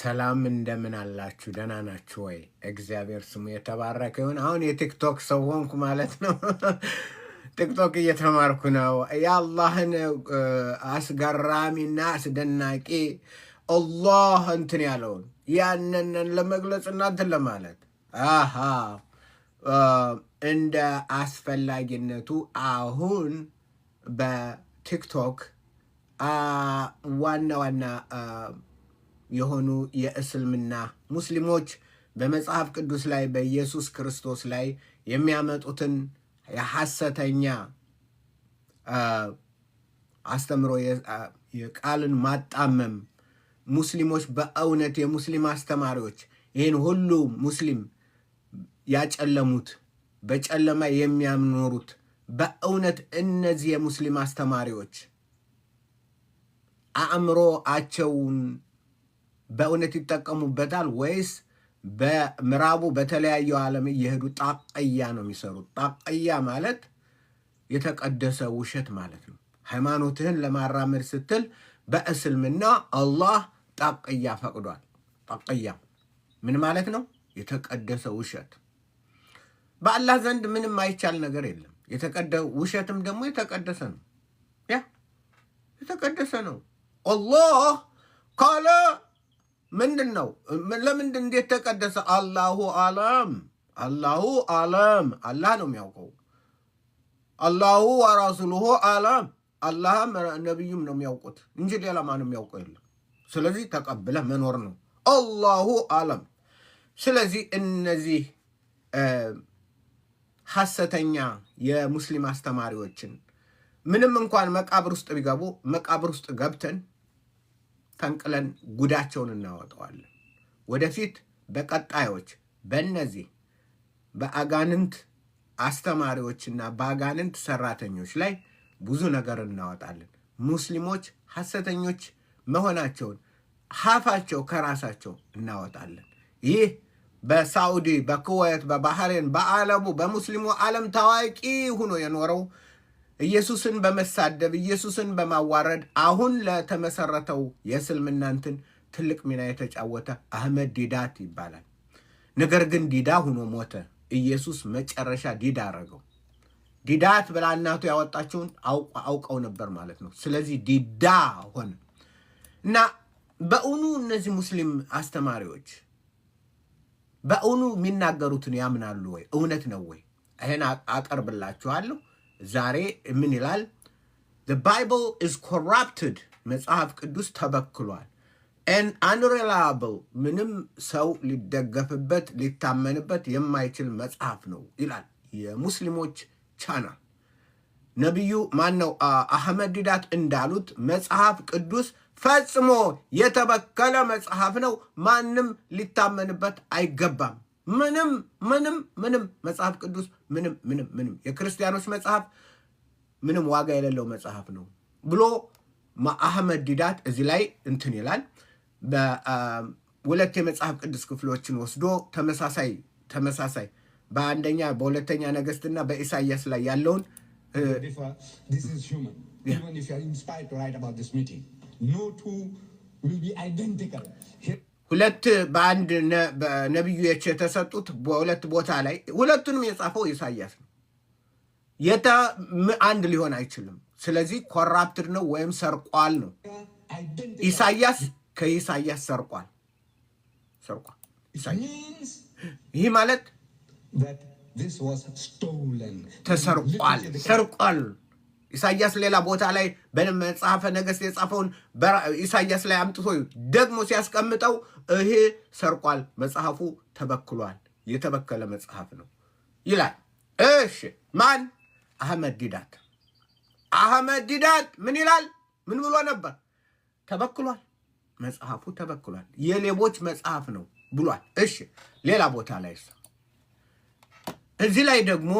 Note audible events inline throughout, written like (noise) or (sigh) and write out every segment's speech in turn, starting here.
ሰላም እንደምን አላችሁ? ደህና ናችሁ ወይ? እግዚአብሔር ስሙ የተባረከ ይሁን። አሁን የቲክቶክ ሰው ሆንኩ ማለት ነው። (laughs) ቲክቶክ እየተማርኩ ነው። የአላህን አስገራሚና አስደናቂ አላህ እንትን ያለውን ያንንን ለመግለጽ እናንትን ለማለት አሃ እንደ አስፈላጊነቱ አሁን በቲክቶክ ዋና ዋና የሆኑ የእስልምና ሙስሊሞች በመጽሐፍ ቅዱስ ላይ በኢየሱስ ክርስቶስ ላይ የሚያመጡትን የሐሰተኛ አስተምሮ የቃልን ማጣመም ሙስሊሞች በእውነት የሙስሊም አስተማሪዎች ይህን ሁሉ ሙስሊም ያጨለሙት በጨለማ የሚያኖሩት በእውነት እነዚህ የሙስሊም አስተማሪዎች አእምሮአቸውን በእውነት ይጠቀሙበታል ወይስ በምዕራቡ በተለያዩ ዓለም እየሄዱ ጣቀያ ነው የሚሰሩት? ጣቀያ ማለት የተቀደሰ ውሸት ማለት ነው። ሃይማኖትህን ለማራመድ ስትል በእስልምና አላህ ጣቅያ ፈቅዷል። ጣቀያ ምን ማለት ነው? የተቀደሰ ውሸት። በአላህ ዘንድ ምንም አይቻል ነገር የለም። ውሸትም ደግሞ የተቀደሰ ነው፣ ያ የተቀደሰ ነው። አላህ ካለ ምንድን ነው? ለምንድ እንዴት ተቀደሰ? አላሁ አለም አላሁ አለም አላህ ነው የሚያውቀው። አላሁ ወራሱሉሁ አለም አላህም ነቢዩም ነው የሚያውቁት እንጂ ሌላ ማንም የሚያውቀው የለም። ስለዚህ ተቀብለህ መኖር ነው። አላሁ አለም። ስለዚህ እነዚህ ሐሰተኛ የሙስሊም አስተማሪዎችን ምንም እንኳን መቃብር ውስጥ ቢገቡ መቃብር ውስጥ ገብተን ፈንቅለን ጉዳቸውን እናወጣዋለን። ወደፊት በቀጣዮች በእነዚህ በአጋንንት አስተማሪዎችና በአጋንንት ሰራተኞች ላይ ብዙ ነገር እናወጣለን። ሙስሊሞች ሐሰተኞች መሆናቸውን ሀፋቸው ከራሳቸው እናወጣለን። ይህ በሳዑዲ፣ በኩዌት፣ በባህሬን፣ በአለቡ በሙስሊሙ ዓለም ታዋቂ ሆኖ የኖረው ኢየሱስን በመሳደብ ኢየሱስን በማዋረድ አሁን ለተመሰረተው የእስልምና እንትን ትልቅ ሚና የተጫወተ አህመድ ዲዳት ይባላል። ነገር ግን ዲዳ ሆኖ ሞተ። ኢየሱስ መጨረሻ ዲዳ አረገው። ዲዳት ብላ እናቱ ያወጣቸውን አውቀው ነበር ማለት ነው። ስለዚህ ዲዳ ሆነ እና በእውኑ እነዚህ ሙስሊም አስተማሪዎች በእውኑ የሚናገሩትን ያምናሉ ወይ? እውነት ነው ወይ? ይህን አቀርብላችኋለሁ። ዛሬ ምን ይላል? the bible is corrupted መጽሐፍ ቅዱስ ተበክሏል። an unreliable ምንም ሰው ሊደገፍበት ሊታመንበት የማይችል መጽሐፍ ነው ይላል የሙስሊሞች ቻና ነቢዩ ማን ነው አህመድ ዲዳት እንዳሉት መጽሐፍ ቅዱስ ፈጽሞ የተበከለ መጽሐፍ ነው። ማንም ሊታመንበት አይገባም። ምንም ምንም ምንም መጽሐፍ ቅዱስ ምንም ምንም ምንም የክርስቲያኖች መጽሐፍ ምንም ዋጋ የሌለው መጽሐፍ ነው ብሎ አህመድ ዲዳት እዚህ ላይ እንትን ይላል። ሁለት የመጽሐፍ ቅዱስ ክፍሎችን ወስዶ ተመሳሳይ ተመሳሳይ በአንደኛ በሁለተኛ ነገስትና በኢሳያስ ላይ ያለውን ሁለት በአንድ ነቢዮች የተሰጡት በሁለት ቦታ ላይ ሁለቱንም የጻፈው ኢሳያስ ነው። የተ አንድ ሊሆን አይችልም። ስለዚህ ኮራፕትድ ነው ወይም ሰርቋል ነው። ኢሳያስ ከኢሳያስ ሰርቋል ሰርቋል። ይህ ማለት ተሰርቋል ሰርቋል ኢሳያስ ሌላ ቦታ ላይ በመጽሐፈ ነገሥት የጻፈውን ኢሳያስ ላይ አምጥቶ ደግሞ ሲያስቀምጠው ይሄ ሰርቋል፣ መጽሐፉ ተበክሏል፣ የተበከለ መጽሐፍ ነው ይላል። እሺ ማን? አህመድ ዲዳት። አህመድ ዲዳት ምን ይላል? ምን ብሎ ነበር? ተበክሏል፣ መጽሐፉ ተበክሏል፣ የሌቦች መጽሐፍ ነው ብሏል። እሺ ሌላ ቦታ ላይ እዚህ ላይ ደግሞ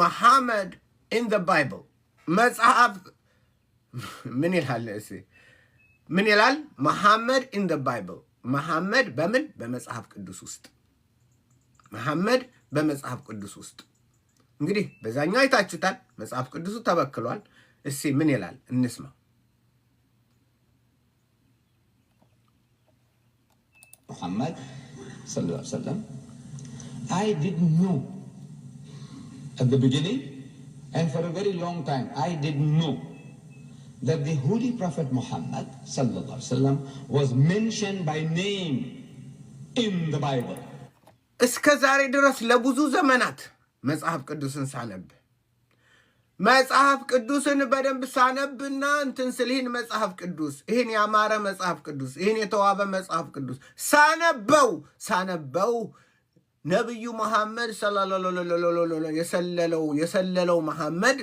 መሐመድ ኢን ዘ ባይብል መጽሐፍ ምን ይላል? ምን ይላል? መሐመድ ኢን ደ ባይብል መሐመድ በምን በመጽሐፍ ቅዱስ ውስጥ መሐመድ በመጽሐፍ ቅዱስ ውስጥ እንግዲህ በዛኛው አይታችሁታል። መጽሐፍ ቅዱሱ ተበክሏል። እስኪ ምን ይላል እንስማ። ሙሐመድ ሰለላሁ ዐለይሂ ወሰለም አይ ዲድ ኖ አት ዘ ቢጊኒንግ And for a very long time, I didn't know that the Holy Prophet Muhammad وسلم, was mentioned by name in the Bible. እስከ ዛሬ ድረስ ለብዙ ዘመናት መጽሐፍ ቅዱስን ሳነብ መጽሐፍ ቅዱስን በደንብ ሳነብና እንትን ስል ይህን መጽሐፍ ቅዱስ ይህን ያማረ መጽሐፍ ቅዱስ ይህን የተዋበ መጽሐፍ ቅዱስ ሳነበው ሳነበው ነቢዩ መሐመድ የሰለለው የሰለለው መሐመድ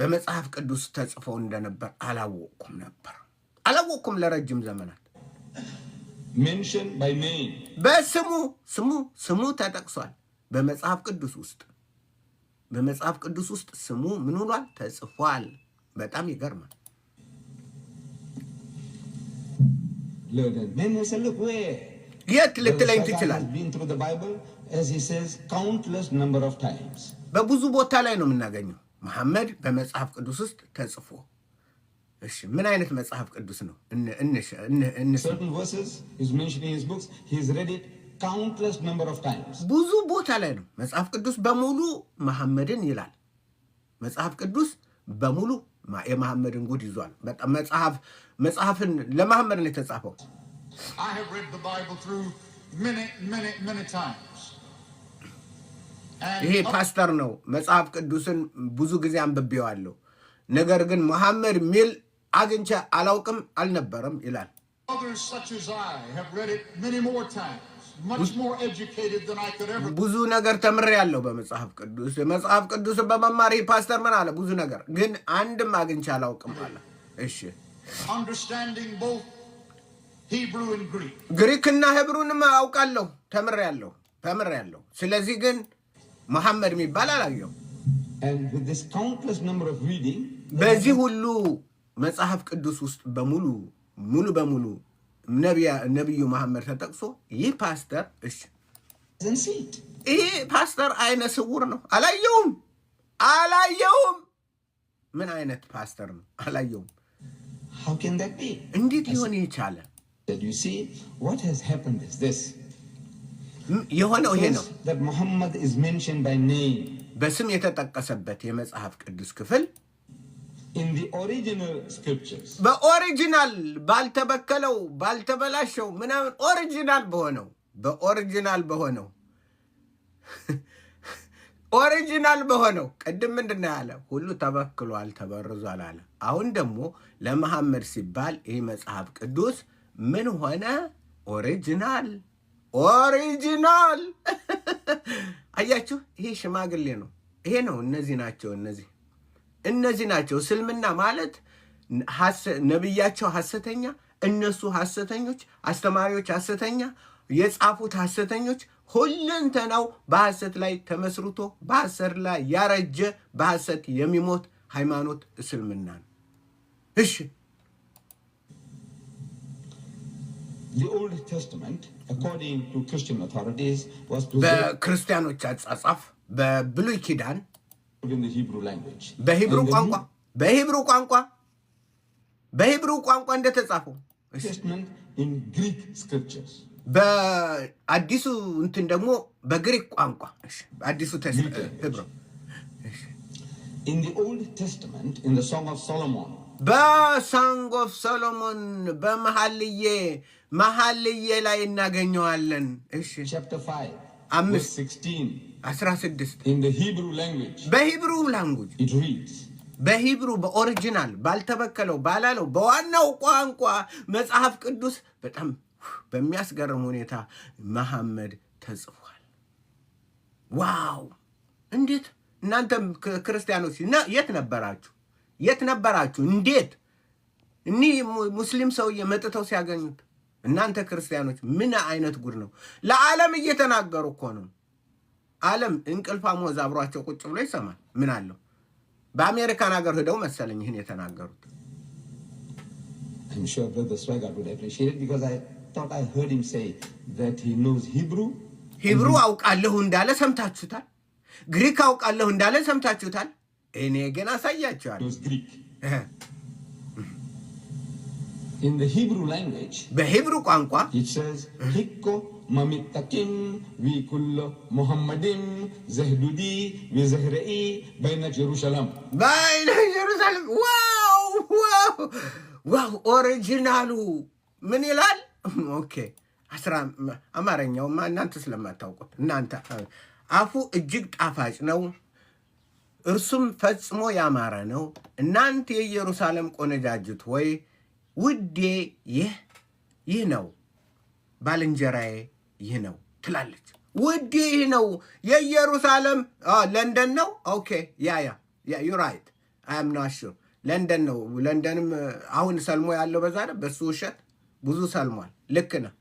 በመጽሐፍ ቅዱስ ተጽፎ እንደነበር አላወቅኩም ነበር አላወቅኩም ለረጅም ዘመናት በስሙ ስሙ ስሙ ተጠቅሷል በመጽሐፍ ቅዱስ ውስጥ በመጽሐፍ ቅዱስ ውስጥ ስሙ ምን ሆኗል ተጽፏል በጣም ይገርማል ምን የት ልትለኝ ትችላል። በብዙ ቦታ ላይ ነው የምናገኘው መሐመድ በመጽሐፍ ቅዱስ ውስጥ ተጽፎ። እሺ ምን አይነት መጽሐፍ ቅዱስ ነው? ብዙ ቦታ ላይ ነው መጽሐፍ ቅዱስ በሙሉ መሐመድን ይላል። መጽሐፍ ቅዱስ በሙሉ የመሐመድን ጉድ ይዟል። በጣም መጽሐፍን ለመሐመድ ነው የተጻፈው። I have read the Bible through many, many, many times. ይሄ ፓስተር ነው። መጽሐፍ ቅዱስን ብዙ ጊዜ አንብቤዋለሁ፣ ነገር ግን መሐመድ ሚል አግኝቼ አላውቅም አልነበረም ይላል። ብዙ ነገር ተምሬያለሁ በመጽሐፍ ቅዱስ መጽሐፍ ቅዱስን በመማር ይህ ፓስተር ምን አለ ብዙ ነገር ግን አንድም አግኝቼ አላውቅም አለ። እሺ ግሪክና ሄብሩንም አውቃለሁ፣ ተምሬያለሁ ተምሬያለሁ። ስለዚህ ግን መሐመድ የሚባል አላየሁም። በዚህ ሁሉ መጽሐፍ ቅዱስ ውስጥ በሙሉ ሙሉ በሙሉ ነቢዩ መሐመድ ተጠቅሶ ይህ ፓስተር እሺ፣ ይህ ፓስተር አይነ ስውር ነው፣ አላየውም አላየውም። ምን አይነት ፓስተር ነው? አላየውም። እንዴት ሊሆን ይቻለ? Hmm, የሆነው ይሄ ነው። በስም የተጠቀሰበት የመጽሐፍ ቅዱስ ክፍል በኦሪጂናል ባልተበከለው፣ ባልተበላሸው ምናምን ኦሪጂናል በሆነው በኦሪጂናል በሆነው ኦሪጂናል በሆነው ቅድም ምንድን ነው ያለ ሁሉ ተበክሏል፣ ተበርዟል አለ። አሁን ደግሞ ለመሐመድ ሲባል ይህ መጽሐፍ ቅዱስ ምን ሆነ? ኦሪጂናል ኦሪጂናል። (laughs) አያችሁ፣ ይሄ ሽማግሌ ነው። ይሄ ነው። እነዚህ ናቸው። እነዚህ እነዚህ ናቸው። እስልምና ማለት ነብያቸው ሐሰተኛ፣ እነሱ ሐሰተኞች፣ አስተማሪዎች ሐሰተኛ፣ የጻፉት ሐሰተኞች፣ ሁለንተናው በሐሰት ላይ ተመስርቶ በሐሰት ላይ ያረጀ በሐሰት የሚሞት ሃይማኖት እስልምና ነው። እሺ በክርስቲያኖች አጻጻፍ በብሉይ ኪዳን በሂብሩ ቋንቋ በሂብሩ ቋንቋ በሂብሩ ቋንቋ እንደተጻፈው በአዲሱ እንትን ደግሞ በግሪክ ቋንቋ አዲሱ በሳንግ ኦፍ ሶሎሞን በመሐልዬ መሐልዬ ላይ እናገኘዋለን። እሺ አምስት አስራ ስድስት በሂብሩ ላንጉጅ በሂብሩ በኦሪጂናል ባልተበከለው ባላለው በዋናው ቋንቋ መጽሐፍ ቅዱስ በጣም በሚያስገርም ሁኔታ መሐመድ ተጽፏል። ዋው! እንዴት እናንተም ክርስቲያኖች የት ነበራችሁ? የት ነበራችሁ? እንዴት እኒህ ሙስሊም ሰውዬ መጥተው ሲያገኙት እናንተ ክርስቲያኖች ምን አይነት ጉድ ነው? ለዓለም እየተናገሩ እኮ ነው። ዓለም እንቅልፋ ሞዝ አብሯቸው ቁጭ ብሎ ይሰማል። ምን አለው? በአሜሪካን ሀገር ሂደው መሰለኝ ይህን የተናገሩት። ሂብሩ አውቃለሁ እንዳለ ሰምታችሁታል። ግሪክ አውቃለሁ እንዳለ ሰምታችሁታል። እኔ ግን አሳያቸዋል በሂብሩ ቋንቋ ሂኮ መሚጠኪም ዊኩሎ ሙሐመድም ዘህዱዲ ዘህረኢ በይነ ጀሩሳሌም በይነ ጀሩሳሌም። ዋው ዋው! ኦሪጂናሉ ምን ይላል? ኦኬ አማርኛውማ እናንተ ስለማታውቁት እናንተ አፉ እጅግ ጣፋጭ ነው፣ እርሱም ፈጽሞ ያማረ ነው። እናንተ የኢየሩሳሌም ቆነጃጅት ወይ ውዴ ይህ ይህ ነው ባልንጀራዬ ይህ ነው ትላለች። ውዴ ይህ ነው የኢየሩሳሌም ለንደን ነው። ኦኬ ያ ያ ያ ዩ ራይት አም ናት ሹር ለንደን ነው። ለንደንም አሁን ሰልሞ ያለው በዛ በሱ ውሸት ብዙ ሰልሟል። ልክ ነው።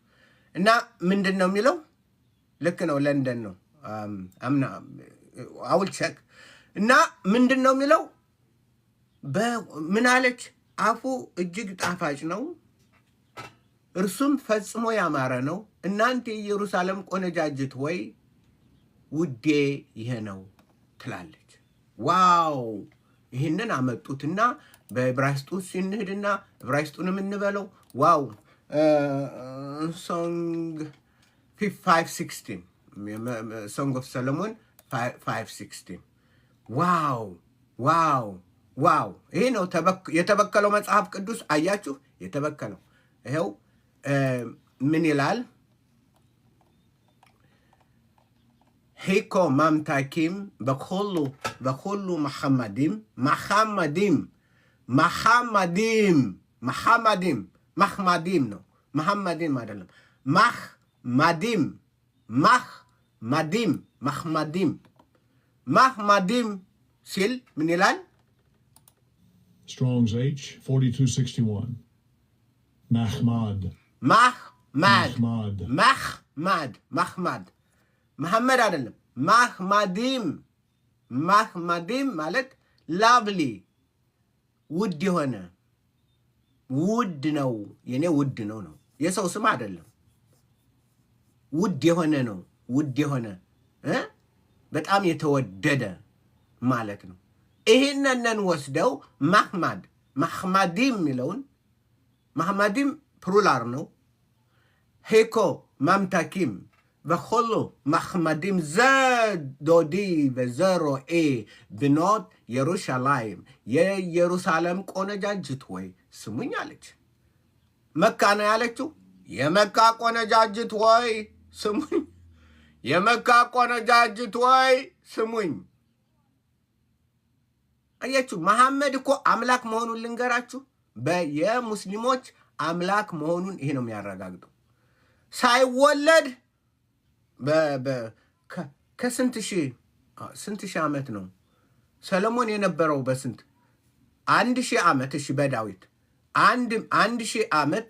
እና ምንድን ነው የሚለው? ልክ ነው። ለንደን ነው አውል ቸክ እና ምንድን ነው የሚለው? ምን አለች? አፉ እጅግ ጣፋጭ ነው፣ እርሱም ፈጽሞ ያማረ ነው። እናንተ የኢየሩሳሌም ቆነጃጅት ወይ ውዴ ይሄ ነው ትላለች። ዋው! ይህንን አመጡትና በዕብራይስጡ ሲንሄድና ዕብራይስጡን እንበለው ዋው ሶንግ ሶንግ ኦፍ ሰለሞን 516 ዋው ዋው ዋው! ይሄ ነው የተበከለው መጽሐፍ ቅዱስ። አያችሁ፣ የተበከለው ይኸው ምን ይላል? ሂኮ ማምታኪም በኮሉ በኮሉ መሐመዲም መሐመዲም መሐመዲም መሐመዲም መሐመዲም ነው መሐመዲም አይደለም። ማህማዲም ማህማዲም ማህማዲም ማህማዲም ሲል ምን ይላል? Strong's H, 4261. Mahmad. ማህማድ ማህማድ ማህማድ መሐመድ አይደለም። ማህማዲም ማህማዲም ማለት ላብሊ ውድ የሆነ ውድ ነው። የኔ ውድ ነው ነው የሰው ስም አይደለም። ውድ የሆነ ነው። ውድ የሆነ በጣም የተወደደ ማለት ነው። ይህንንን ወስደው ማህማድ ማህማዲም የሚለውን ማህማዲም ፕሩላር ነው። ሄኮ ማምታኪም በኮሎ ማህማዲም ዘዶዲ ኤ ብኖት የሩሻላይም የኢየሩሳሌም ቆነጃጅት ወይ ስሙኝ አለች። መካ ነው ያለችው። የመካ ቆነጃጅት ወይ ስሙኝ፣ የመካ ቆነጃጅት ወይ ስሙኝ አያችሁ መሐመድ እኮ አምላክ መሆኑን ልንገራችሁ፣ የሙስሊሞች አምላክ መሆኑን ይሄ ነው የሚያረጋግጠው። ሳይወለድ ከስንት ሺህ ስንት ሺህ ዓመት ነው ሰለሞን የነበረው? በስንት አንድ ሺህ ዓመት እሺ፣ በዳዊት አንድ አንድ ሺህ ዓመት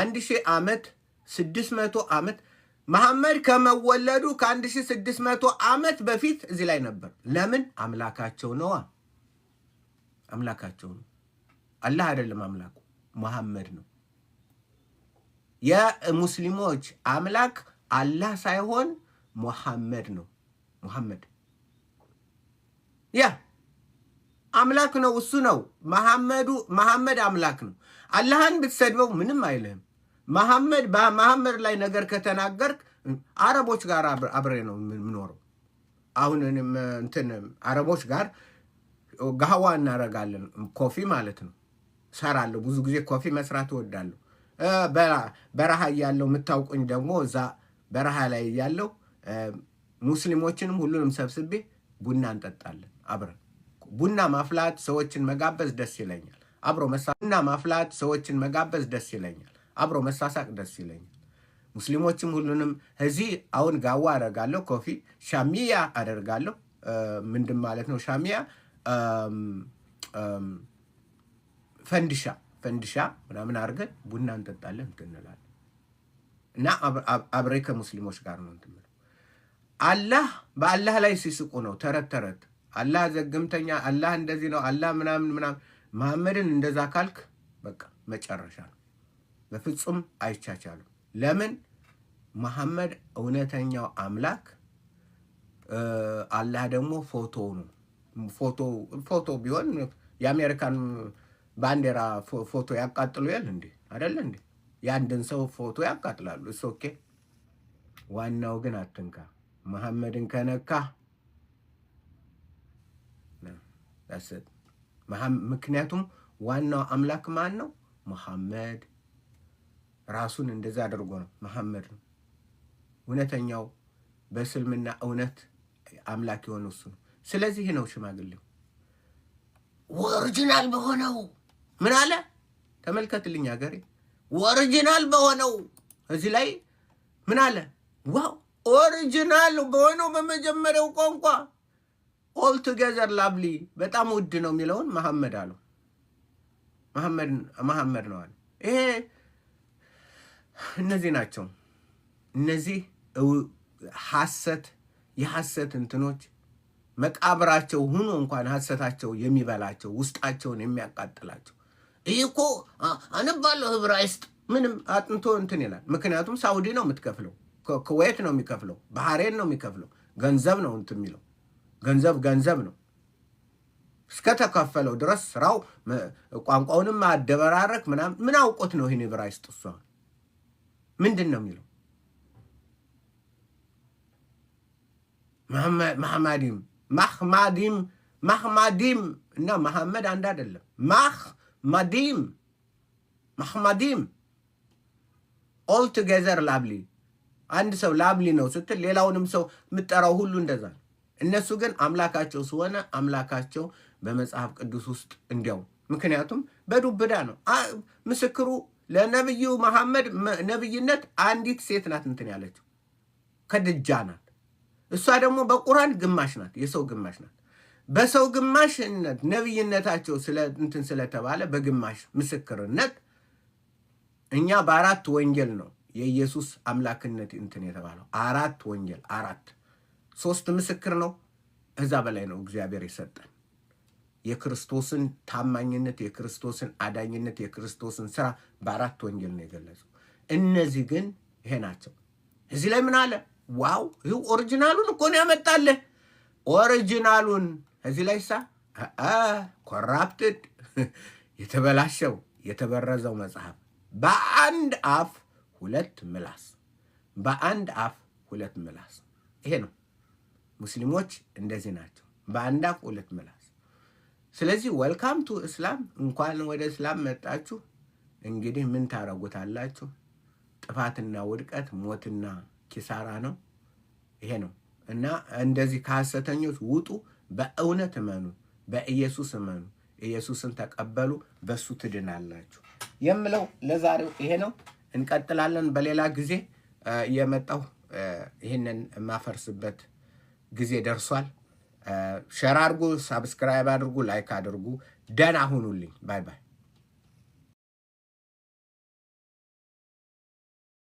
አንድ ሺህ ዓመት ስድስት መቶ ዓመት መሐመድ ከመወለዱ ከ1600 ዓመት በፊት እዚህ ላይ ነበር። ለምን? አምላካቸው ነዋ። አምላካቸው ነው። አላህ አይደለም አምላኩ፣ መሐመድ ነው። የሙስሊሞች አምላክ አላህ ሳይሆን መሐመድ ነው። መሐመድ ያ አምላክ ነው፣ እሱ ነው። መሐመዱ መሐመድ አምላክ ነው። አላህን ብትሰድበው ምንም አይልህም። መሐመድ በመሐመድ ላይ ነገር ከተናገርክ አረቦች ጋር አብሬ ነው የምኖረው። አሁን እንትን አረቦች ጋር ጋህዋ እናደርጋለን። ኮፊ ማለት ነው ሰራለሁ። ብዙ ጊዜ ኮፊ መስራት እወዳለሁ። በረሃ እያለሁ የምታውቁኝ ደግሞ እዛ በረሃ ላይ እያለሁ ሙስሊሞችንም ሁሉንም ሰብስቤ ቡና እንጠጣለን አብረን። ቡና ማፍላት፣ ሰዎችን መጋበዝ ደስ ይለኛል። አብሮ መሳ ቡና ማፍላት፣ ሰዎችን መጋበዝ ደስ ይለኛል። አብሮ መሳሳቅ ደስ ይለኛል። ሙስሊሞችም ሁሉንም እዚህ አሁን ጋዋ አደርጋለሁ፣ ኮፊ ሻሚያ አደርጋለሁ። ምንድን ማለት ነው ሻሚያ? ፈንዲሻ ፈንዲሻ ምናምን አድርገን ቡና እንጠጣለን እንትን እና አብሬ ከሙስሊሞች ጋር ነው እንትን አላህ በአላህ ላይ ሲስቁ ነው ተረት ተረት አላህ ዘግምተኛ፣ አላህ እንደዚህ ነው፣ አላህ ምናምን ምናምን። መሐመድን እንደዛ ካልክ በቃ መጨረሻ ነው። በፍጹም አይቻቻሉም። ለምን? መሐመድ እውነተኛው አምላክ አላህ ደግሞ ፎቶ ነው። ፎቶ ቢሆን የአሜሪካን ባንዲራ ፎቶ ያቃጥሉ ያል እንዴ አደለ እንዴ? የአንድን ሰው ፎቶ ያቃጥላሉ። እስ ኦኬ። ዋናው ግን አትንካ። መሐመድን ከነካ ምክንያቱም ዋናው አምላክ ማን ነው? መሐመድ ራሱን እንደዛ አድርጎ ነው መሐመድ ነው እውነተኛው በእስልምና እውነት አምላክ የሆነ እሱ ነው። ስለዚህ ነው ሽማግሌው ኦሪጂናል በሆነው ምን አለ ተመልከትልኝ፣ ሀገሬ ኦሪጂናል በሆነው እዚህ ላይ ምን አለ? ዋው ኦሪጂናል በሆነው በመጀመሪያው ቋንቋ ኦልቱጌዘር ላብሊ በጣም ውድ ነው የሚለውን መሐመድ አለው። መሐመድ ነው አለ ይሄ እነዚህ ናቸው። እነዚህ ሐሰት የሐሰት እንትኖች መቃብራቸው ሁኖ እንኳን ሐሰታቸው የሚበላቸው ውስጣቸውን የሚያቃጥላቸው ይህ እኮ አነባለሁ ዕብራይስጥ ምንም አጥንቶ እንትን ይላል። ምክንያቱም ሳውዲ ነው የምትከፍለው፣ ክዌት ነው የሚከፍለው፣ ባህሬን ነው የሚከፍለው። ገንዘብ ነው እንትን የሚለው ገንዘብ ገንዘብ ነው። እስከተከፈለው ድረስ ስራው ቋንቋውንም አደበራረክ ምናምን ምን አውቆት ነው ይህን ዕብራይስጥ እሷ ምንድን ነው የሚለው? ማህማዲም ማህማዲም ማህማዲም እና መሐመድ አንድ አይደለም። ማህማዲም ማህማዲም ኦል ቱጌዘር ላብሊ። አንድ ሰው ላብሊ ነው ስትል ሌላውንም ሰው የምጠራው ሁሉ እንደዛ ነው። እነሱ ግን አምላካቸው ስሆነ አምላካቸው በመጽሐፍ ቅዱስ ውስጥ እንዲያው ምክንያቱም በዱብዳ ነው ምስክሩ ለነብዩ መሐመድ ነብይነት አንዲት ሴት ናት እንትን ያለችው ከድጃ ናት። እሷ ደግሞ በቁራን ግማሽ ናት፣ የሰው ግማሽ ናት። በሰው ግማሽነት ነብይነታቸው እንትን ስለተባለ በግማሽ ምስክርነት እኛ በአራት ወንጌል ነው የኢየሱስ አምላክነት እንትን የተባለው አራት ወንጌል አራት ሶስት ምስክር ነው። እዛ በላይ ነው እግዚአብሔር የሰጠን። የክርስቶስን ታማኝነት፣ የክርስቶስን አዳኝነት፣ የክርስቶስን ስራ በአራት ወንጌል ነው የገለጸው። እነዚህ ግን ይሄ ናቸው። እዚህ ላይ ምን አለ? ዋው ይህ ኦሪጂናሉን እኮ ነው ያመጣልህ። ኦሪጂናሉን እዚህ ላይ ሳ ኮራፕትድ (laughs) የተበላሸው የተበረዘው መጽሐፍ በአንድ አፍ ሁለት ምላስ፣ በአንድ አፍ ሁለት ምላስ። ይሄ ነው ሙስሊሞች እንደዚህ ናቸው። በአንድ አፍ ሁለት ምላስ ስለዚህ ወልካም ቱ እስላም እንኳን ወደ እስላም መጣችሁ። እንግዲህ ምን ታረጉታላችሁ? ጥፋትና ውድቀት ሞትና ኪሳራ ነው። ይሄ ነው እና እንደዚህ ከሐሰተኞች ውጡ። በእውነት እመኑ፣ በኢየሱስ እመኑ፣ ኢየሱስን ተቀበሉ፣ በሱ ትድናላችሁ የምለው ለዛሬው ይሄ ነው። እንቀጥላለን በሌላ ጊዜ የመጣው ይህንን የማፈርስበት ጊዜ ደርሷል። ሸር አድርጉ፣ ሳብስክራይብ አድርጉ፣ ላይክ አድርጉ። ደህና ሁኑልኝ። ባይ ባይ።